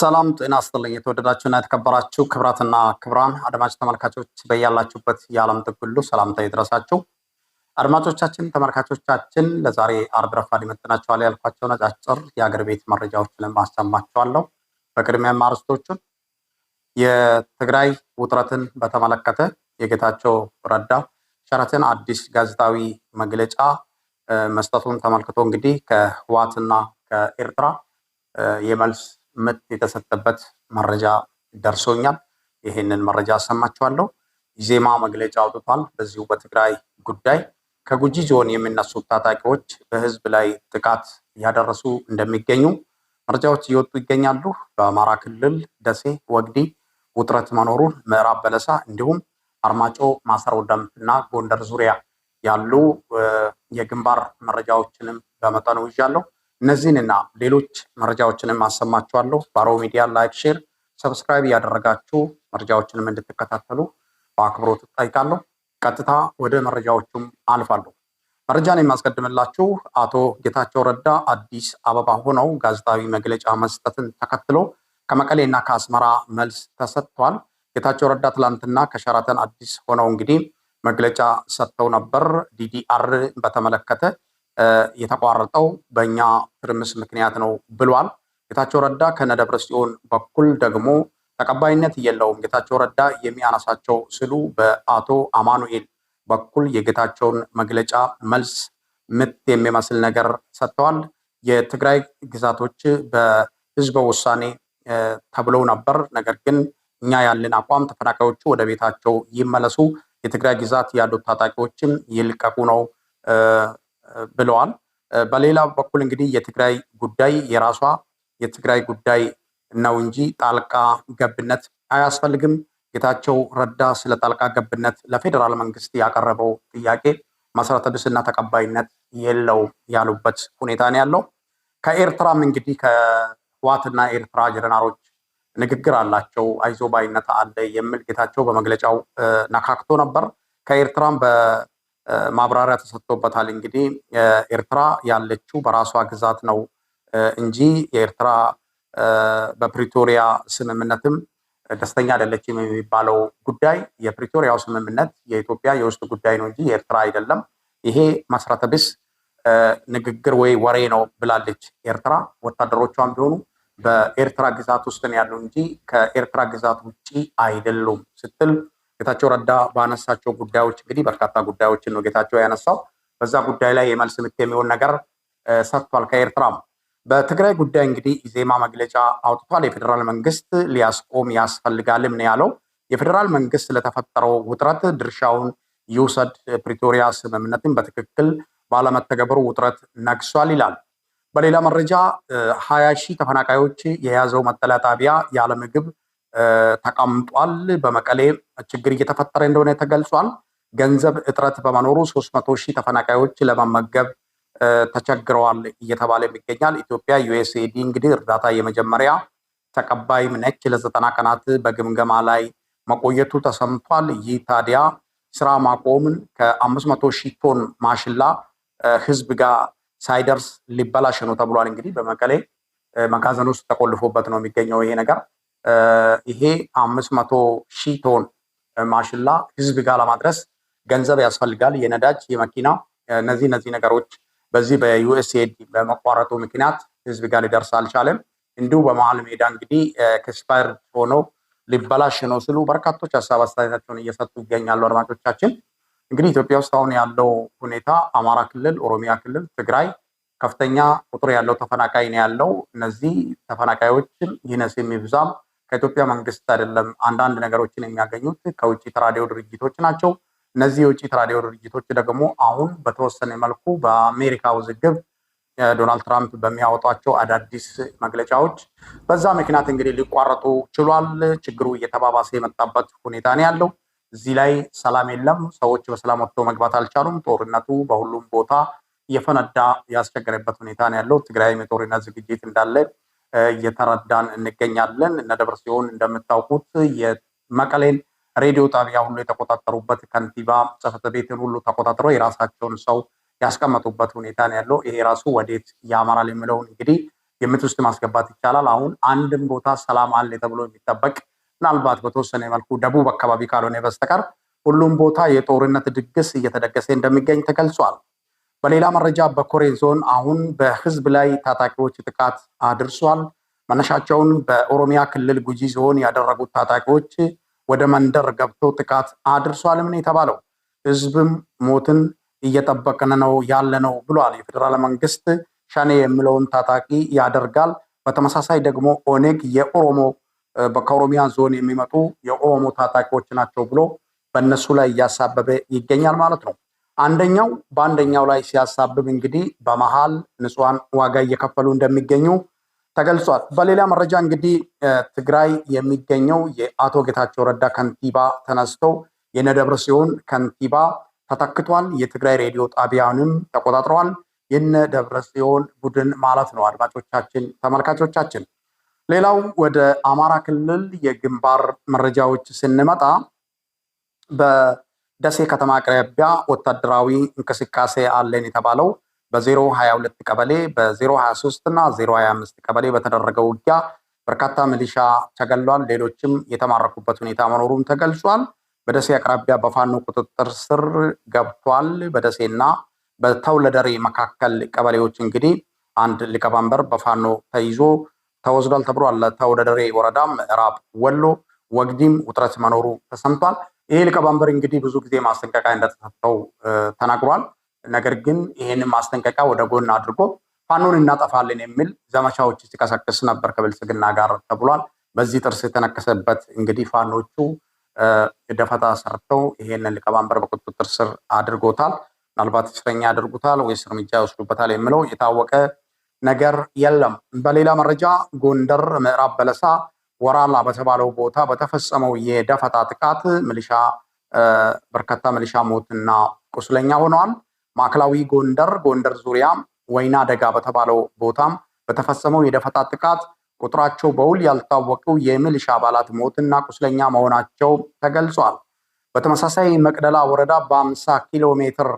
ሰላም ጤና ይስጥልኝ። የተወደዳችሁና የተከበራችሁ ክብራትና ክብራን አድማጭ ተመልካቾች በያላችሁበት የዓለም ጥግ ሁሉ ሰላምታ ይድረሳችሁ። አድማጮቻችን፣ ተመልካቾቻችን ለዛሬ አርብ ረፋድ ይመጥናችኋል ያልኳቸውን የአገር ቤት መረጃዎችን አሰማችኋለሁ። በቅድሚያም አርዕስቶቹን የትግራይ ውጥረትን በተመለከተ የጌታቸው ረዳ ሸረትን አዲስ ጋዜጣዊ መግለጫ መስጠቱን ተመልክቶ እንግዲህ ከህዋትና ከኤርትራ የመልስ ምት የተሰጠበት መረጃ ደርሶኛል። ይህንን መረጃ አሰማችኋለሁ። ኢዜማ መግለጫ አውጥቷል። በዚሁ በትግራይ ጉዳይ ከጉጂ ዞን የሚነሱ ታጣቂዎች በህዝብ ላይ ጥቃት እያደረሱ እንደሚገኙ መረጃዎች እየወጡ ይገኛሉ። በአማራ ክልል ደሴ፣ ወግዲ ውጥረት መኖሩን ምዕራብ በለሳ እንዲሁም አርማጮ፣ ማሰሮ ደንብ እና ጎንደር ዙሪያ ያሉ የግንባር መረጃዎችንም በመጠኑ ይዣለሁ። እነዚህንና ሌሎች መረጃዎችንም አሰማችኋለሁ። ባሮ ሚዲያ ላይክ፣ ሼር፣ ሰብስክራይብ እያደረጋችሁ መረጃዎችንም እንድትከታተሉ በአክብሮት እጠይቃለሁ። ቀጥታ ወደ መረጃዎቹም አልፋለሁ። መረጃን የማስቀድምላችሁ አቶ ጌታቸው ረዳ አዲስ አበባ ሆነው ጋዜጣዊ መግለጫ መስጠትን ተከትሎ ከመቀሌና ከአስመራ መልስ ተሰጥቷል። ጌታቸው ረዳ ትላንትና ከሸራተን አዲስ ሆነው እንግዲህ መግለጫ ሰጥተው ነበር። ዲዲአር በተመለከተ የተቋረጠው በእኛ ትርምስ ምክንያት ነው ብሏል። ጌታቸው ረዳ ከነደብረ ጽዮን በኩል ደግሞ ተቀባይነት የለውም። ጌታቸው ረዳ የሚያነሳቸው ስሉ በአቶ አማኑኤል በኩል የጌታቸውን መግለጫ መልስ ምት የሚመስል ነገር ሰጥተዋል። የትግራይ ግዛቶች በህዝበ ውሳኔ ተብለው ነበር። ነገር ግን እኛ ያለን አቋም ተፈናቃዮቹ ወደ ቤታቸው ይመለሱ፣ የትግራይ ግዛት ያሉት ታጣቂዎችም ይልቀቁ ነው ብለዋል። በሌላ በኩል እንግዲህ የትግራይ ጉዳይ የራሷ የትግራይ ጉዳይ ነው እንጂ ጣልቃ ገብነት አያስፈልግም። ጌታቸው ረዳ ስለ ጣልቃ ገብነት ለፌዴራል መንግስት ያቀረበው ጥያቄ መሰረተ ቢስና ተቀባይነት የለው ያሉበት ሁኔታ ነው ያለው። ከኤርትራም እንግዲህ ከህዋትና ኤርትራ ጀነራሎች ንግግር አላቸው፣ አይዞ ባይነት አለ የሚል ጌታቸው በመግለጫው ነካክቶ ነበር። ከኤርትራም ማብራሪያ ተሰጥቶበታል። እንግዲህ ኤርትራ ያለችው በራሷ ግዛት ነው እንጂ የኤርትራ በፕሪቶሪያ ስምምነትም ደስተኛ አይደለችም የሚባለው ጉዳይ የፕሪቶሪያው ስምምነት የኢትዮጵያ የውስጥ ጉዳይ ነው እንጂ የኤርትራ አይደለም። ይሄ መሰረተ ቢስ ንግግር ወይ ወሬ ነው ብላለች ኤርትራ። ወታደሮቿም ቢሆኑ በኤርትራ ግዛት ውስጥ ነው ያለው እንጂ ከኤርትራ ግዛት ውጭ አይደሉም ስትል ጌታቸው ረዳ ባነሳቸው ጉዳዮች እንግዲህ በርካታ ጉዳዮችን ነው ጌታቸው ያነሳው። በዛ ጉዳይ ላይ የመልስ ምት የሚሆን ነገር ሰጥቷል። ከኤርትራም በትግራይ ጉዳይ እንግዲህ ኢዜማ መግለጫ አውጥቷል። የፌዴራል መንግስት ሊያስቆም ያስፈልጋልም ነው ያለው። የፌዴራል መንግስት ለተፈጠረው ውጥረት ድርሻውን ይውሰድ፣ ፕሪቶሪያ ስምምነትን በትክክል ባለመተገበሩ ውጥረት ነግሷል ይላል። በሌላ መረጃ ሀያ ሺህ ተፈናቃዮች የያዘው መጠለያ ጣቢያ ያለ ምግብ ተቀምጧል። በመቀሌ ችግር እየተፈጠረ እንደሆነ ተገልጿል። ገንዘብ እጥረት በመኖሩ ሶስት መቶ ሺህ ተፈናቃዮች ለመመገብ ተቸግረዋል እየተባለ ይገኛል። ኢትዮጵያ ዩኤስኤዲ እንግዲህ እርዳታ የመጀመሪያ ተቀባይም ነች። ለዘጠና ቀናት በግምገማ ላይ መቆየቱ ተሰምቷል። ይህ ታዲያ ስራ ማቆምን ከአምስት መቶ ሺህ ቶን ማሽላ ህዝብ ጋር ሳይደርስ ሊበላሽ ነው ተብሏል። እንግዲህ በመቀሌ መጋዘን ውስጥ ተቆልፎበት ነው የሚገኘው ይሄ ነገር። ይሄ አምስት መቶ ሺህ ቶን ማሽላ ህዝብ ጋር ለማድረስ ገንዘብ ያስፈልጋል። የነዳጅ፣ የመኪና እነዚህ እነዚህ ነገሮች በዚህ በዩኤስኤድ በመቋረጡ ምክንያት ህዝብ ጋር ሊደርስ አልቻለም። እንዲሁ በመሀል ሜዳ እንግዲህ ክስፓር ሆነው ሊበላሽ ነው ስሉ በርካቶች ሀሳብ አስተያየታቸውን እየሰጡ ይገኛሉ። አድማጮቻችን እንግዲህ ኢትዮጵያ ውስጥ አሁን ያለው ሁኔታ አማራ ክልል፣ ኦሮሚያ ክልል፣ ትግራይ ከፍተኛ ቁጥር ያለው ተፈናቃይ ነው ያለው። እነዚህ ተፈናቃዮችን ይነስ የሚብዛም ከኢትዮጵያ መንግስት አይደለም። አንዳንድ ነገሮችን የሚያገኙት ከውጭ ተራዲዮ ድርጅቶች ናቸው። እነዚህ የውጭ ተራዲዮ ድርጅቶች ደግሞ አሁን በተወሰነ መልኩ በአሜሪካ ውዝግብ ዶናልድ ትራምፕ በሚያወጧቸው አዳዲስ መግለጫዎች በዛ ምክንያት እንግዲህ ሊቋረጡ ችሏል። ችግሩ እየተባባሰ የመጣበት ሁኔታ ነው ያለው። እዚህ ላይ ሰላም የለም። ሰዎች በሰላም ወጥቶ መግባት አልቻሉም። ጦርነቱ በሁሉም ቦታ እየፈነዳ ያስቸገረበት ሁኔታ ነው ያለው። ትግራይም የጦርነት ዝግጅት እንዳለ እየተረዳን እንገኛለን። እነ ደብረ ሲሆን እንደምታውቁት የመቀሌን ሬዲዮ ጣቢያ ሁሉ የተቆጣጠሩበት ከንቲባ ጽሕፈት ቤትን ሁሉ ተቆጣጥሮ የራሳቸውን ሰው ያስቀመጡበት ሁኔታ ነው ያለው። ይሄ ራሱ ወዴት ያመራል የሚለውን እንግዲህ ግምት ውስጥ ማስገባት ይቻላል። አሁን አንድም ቦታ ሰላም አለ ተብሎ የሚጠበቅ ምናልባት በተወሰነ መልኩ ደቡብ አካባቢ ካልሆነ በስተቀር ሁሉም ቦታ የጦርነት ድግስ እየተደገሰ እንደሚገኝ ተገልጿል። በሌላ መረጃ በኮሬ ዞን አሁን በህዝብ ላይ ታጣቂዎች ጥቃት አድርሷል። መነሻቸውን በኦሮሚያ ክልል ጉጂ ዞን ያደረጉት ታጣቂዎች ወደ መንደር ገብቶ ጥቃት አድርሷል። ምን የተባለው ህዝብም ሞትን እየጠበቅን ነው ያለ ነው ብሏል። የፌዴራል መንግስት ሸኔ የሚለውን ታጣቂ ያደርጋል። በተመሳሳይ ደግሞ ኦኔግ የኦሮሞ ከኦሮሚያ ዞን የሚመጡ የኦሮሞ ታጣቂዎች ናቸው ብሎ በእነሱ ላይ እያሳበበ ይገኛል ማለት ነው። አንደኛው በአንደኛው ላይ ሲያሳብብ እንግዲህ በመሃል ንጹሐን ዋጋ እየከፈሉ እንደሚገኙ ተገልጿል። በሌላ መረጃ እንግዲህ ትግራይ የሚገኘው የአቶ ጌታቸው ረዳ ከንቲባ ተነስተው የነደብረ ሲሆን ከንቲባ ተተክቷል። የትግራይ ሬዲዮ ጣቢያንም ተቆጣጥረዋል። የነ ደብረ ሲዮን ቡድን ማለት ነው። አድማጮቻችን፣ ተመልካቾቻችን ሌላው ወደ አማራ ክልል የግንባር መረጃዎች ስንመጣ ደሴ ከተማ አቅራቢያ ወታደራዊ እንቅስቃሴ አለን የተባለው በ022 ቀበሌ በ023 እና 025 ቀበሌ በተደረገው ውጊያ በርካታ ሚሊሻ ተገሏል። ሌሎችም የተማረኩበት ሁኔታ መኖሩም ተገልጿል። በደሴ አቅራቢያ በፋኖ ቁጥጥር ስር ገብቷል። በደሴና በተውለደሬ መካከል ቀበሌዎች እንግዲህ አንድ ሊቀመንበር በፋኖ ተይዞ ተወስዷል ተብሏል። ለተውለደሬ ወረዳ ምዕራብ ወሎ ወግዲም ውጥረት መኖሩ ተሰምቷል። ይሄ ሊቀመንበር እንግዲህ ብዙ ጊዜ ማስጠንቀቂያ እንደተሰጠው ተናግሯል። ነገር ግን ይህንን ማስጠንቀቂያ ወደ ጎን አድርጎ ፋኖን እናጠፋለን የሚል ዘመቻዎች ሲቀሰቅስ ነበር ከብልጽግና ጋር ተብሏል። በዚህ ጥርስ የተነከሰበት እንግዲህ ፋኖቹ ደፈታ ሰርተው ይሄንን ሊቀመንበር በቁጥጥር ስር አድርጎታል። ምናልባት እስረኛ ያደርጉታል ወይስ እርምጃ ይወስዱበታል የሚለው የታወቀ ነገር የለም። በሌላ መረጃ ጎንደር ምዕራብ በለሳ ወራላ በተባለው ቦታ በተፈጸመው የደፈጣ ጥቃት ሚሊሻ በርካታ ሚሊሻ ሞትና ቁስለኛ ሆነዋል። ማዕከላዊ ጎንደር፣ ጎንደር ዙሪያ ወይና ደጋ በተባለው ቦታም በተፈጸመው የደፈጣ ጥቃት ቁጥራቸው በውል ያልታወቁ የሚሊሻ አባላት ሞትና ቁስለኛ መሆናቸው ተገልጿል። በተመሳሳይ መቅደላ ወረዳ በ50 ኪሎ ሜትር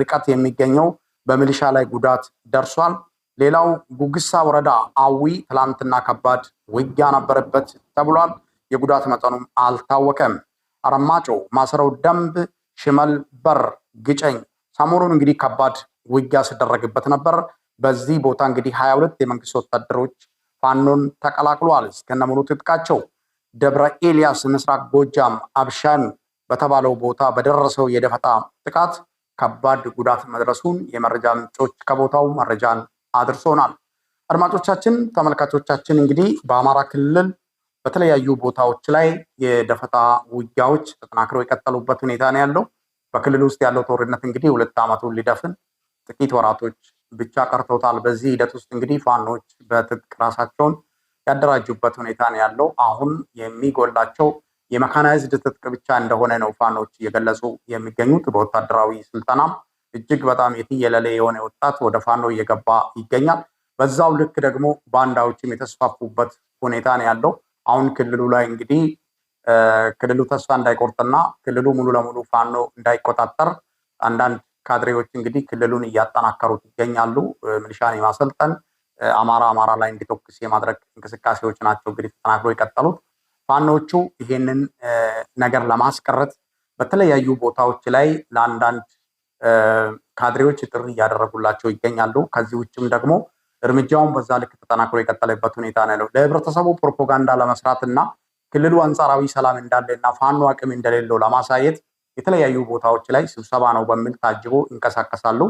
ርቀት የሚገኘው በሚሊሻ ላይ ጉዳት ደርሷል። ሌላው ጉግሳ ወረዳ አዊ ትላንትና ከባድ ውጊያ ነበረበት ተብሏል። የጉዳት መጠኑም አልታወቀም። አረማጮ፣ ማሰረው ደንብ፣ ሽመል በር፣ ግጨኝ ሰሞኑን እንግዲህ ከባድ ውጊያ ሲደረግበት ነበር። በዚህ ቦታ እንግዲህ ሀያ ሁለት የመንግስት ወታደሮች ፋኖን ተቀላቅሏል እስከነሙሉ ትጥቃቸው። ደብረ ኤልያስ ምስራቅ ጎጃም አብሻን በተባለው ቦታ በደረሰው የደፈጣ ጥቃት ከባድ ጉዳት መድረሱን የመረጃ ምንጮች ከቦታው መረጃን አድርሶናል። አድማጮቻችን፣ ተመልካቾቻችን እንግዲህ በአማራ ክልል በተለያዩ ቦታዎች ላይ የደፈጣ ውጊያዎች ተጠናክረው የቀጠሉበት ሁኔታ ነው ያለው። በክልል ውስጥ ያለው ጦርነት እንግዲህ ሁለት ዓመቱን ሊደፍን ጥቂት ወራቶች ብቻ ቀርቶታል። በዚህ ሂደት ውስጥ እንግዲህ ፋኖች በትጥቅ ራሳቸውን ያደራጁበት ሁኔታ ነው ያለው። አሁን የሚጎላቸው የመካናይዝድ ትጥቅ ብቻ እንደሆነ ነው ፋኖች እየገለጹ የሚገኙት። በወታደራዊ ስልጠናም እጅግ በጣም የትየለሌ የሆነ ወጣት ወደ ፋኖ እየገባ ይገኛል። በዛው ልክ ደግሞ ባንዳዎችም የተስፋፉበት ሁኔታ ነው ያለው። አሁን ክልሉ ላይ እንግዲህ ክልሉ ተስፋ እንዳይቆርጥና ክልሉ ሙሉ ለሙሉ ፋኖ እንዳይቆጣጠር አንዳንድ ካድሬዎች እንግዲህ ክልሉን እያጠናከሩት ይገኛሉ። ሚሊሻን የማሰልጠን አማራ አማራ ላይ እንዲተኩስ የማድረግ እንቅስቃሴዎች ናቸው እንግዲህ ተጠናክሮ የቀጠሉት። ፋኖቹ ይሄንን ነገር ለማስቀረት በተለያዩ ቦታዎች ላይ ለአንዳንድ ካድሬዎች ጥሪ እያደረጉላቸው ይገኛሉ። ከዚህ ውጭም ደግሞ እርምጃውን በዛ ልክ ተጠናክሮ የቀጠለበት ሁኔታ ነው ያለው። ለህብረተሰቡ ፕሮፓጋንዳ ለመስራት እና ክልሉ አንጻራዊ ሰላም እንዳለ እና ፋኖ አቅም እንደሌለው ለማሳየት የተለያዩ ቦታዎች ላይ ስብሰባ ነው በሚል ታጅቦ ይንቀሳቀሳሉ።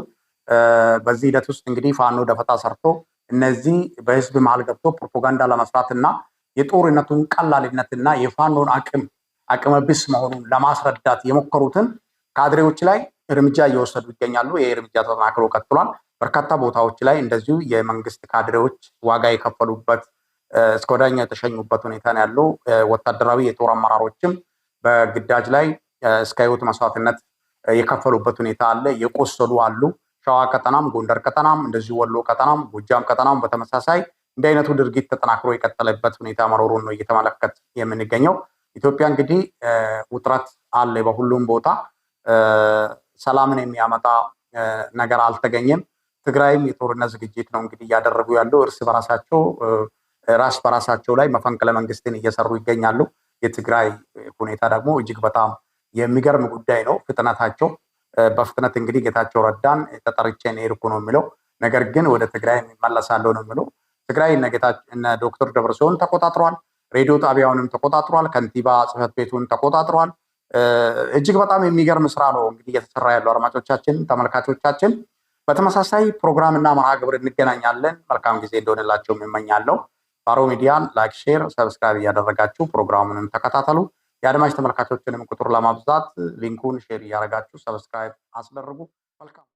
በዚህ ሂደት ውስጥ እንግዲህ ፋኖ ደፈጣ ሰርቶ እነዚህ በህዝብ መሀል ገብቶ ፕሮፓጋንዳ ለመስራት እና የጦርነቱን እና የፋኖን አቅም አቅመ ቢስ መሆኑን ለማስረዳት የሞከሩትን ካድሬዎች ላይ እርምጃ እየወሰዱ ይገኛሉ። ይህ እርምጃ ተጠናክሮ ቀጥሏል። በርካታ ቦታዎች ላይ እንደዚሁ የመንግስት ካድሬዎች ዋጋ የከፈሉበት እስከ ወዲያኛው የተሸኙበት ሁኔታ ነው ያለው። ወታደራዊ የጦር አመራሮችም በግዳጅ ላይ እስከ ህይወት መስዋዕትነት የከፈሉበት ሁኔታ አለ። የቆሰሉ አሉ። ሸዋ ቀጠናም፣ ጎንደር ቀጠናም፣ እንደዚሁ ወሎ ቀጠናም፣ ጎጃም ቀጠናም በተመሳሳይ እንዲህ አይነቱ ድርጊት ተጠናክሮ የቀጠለበት ሁኔታ መኖሩን ነው እየተመለከት የምንገኘው። ኢትዮጵያ እንግዲህ ውጥረት አለ በሁሉም ቦታ ሰላምን የሚያመጣ ነገር አልተገኘም። ትግራይም የጦርነት ዝግጅት ነው እንግዲህ እያደረጉ ያሉ እርስ በራሳቸው ራስ በራሳቸው ላይ መፈንቅለ መንግስትን እየሰሩ ይገኛሉ። የትግራይ ሁኔታ ደግሞ እጅግ በጣም የሚገርም ጉዳይ ነው። ፍጥነታቸው በፍጥነት እንግዲህ ጌታቸው ረዳን ተጠርቼ ሄድኩ ነው የሚለው ነገር ግን ወደ ትግራይ የሚመለሳለሁ ነው የሚለው ትግራይ እነ ዶክተር ደብረጽዮን ተቆጣጥሯል። ሬዲዮ ጣቢያውንም ተቆጣጥሯል። ከንቲባ ጽህፈት ቤቱን ተቆጣጥሯል። እጅግ በጣም የሚገርም ስራ ነው እንግዲህ እየተሰራ ያለው። አድማጮቻችን፣ ተመልካቾቻችን በተመሳሳይ ፕሮግራምና መርሃ ግብር እንገናኛለን። መልካም ጊዜ እንደሆነላቸው የምመኛለሁ። ባሮ ሚዲያን ላይክ፣ ሼር፣ ሰብስክራይብ እያደረጋችሁ ፕሮግራሙንም ተከታተሉ። የአድማጭ ተመልካቾችንም ቁጥር ለማብዛት ሊንኩን ሼር እያደረጋችሁ ሰብስክራይብ አስደርጉ። መልካም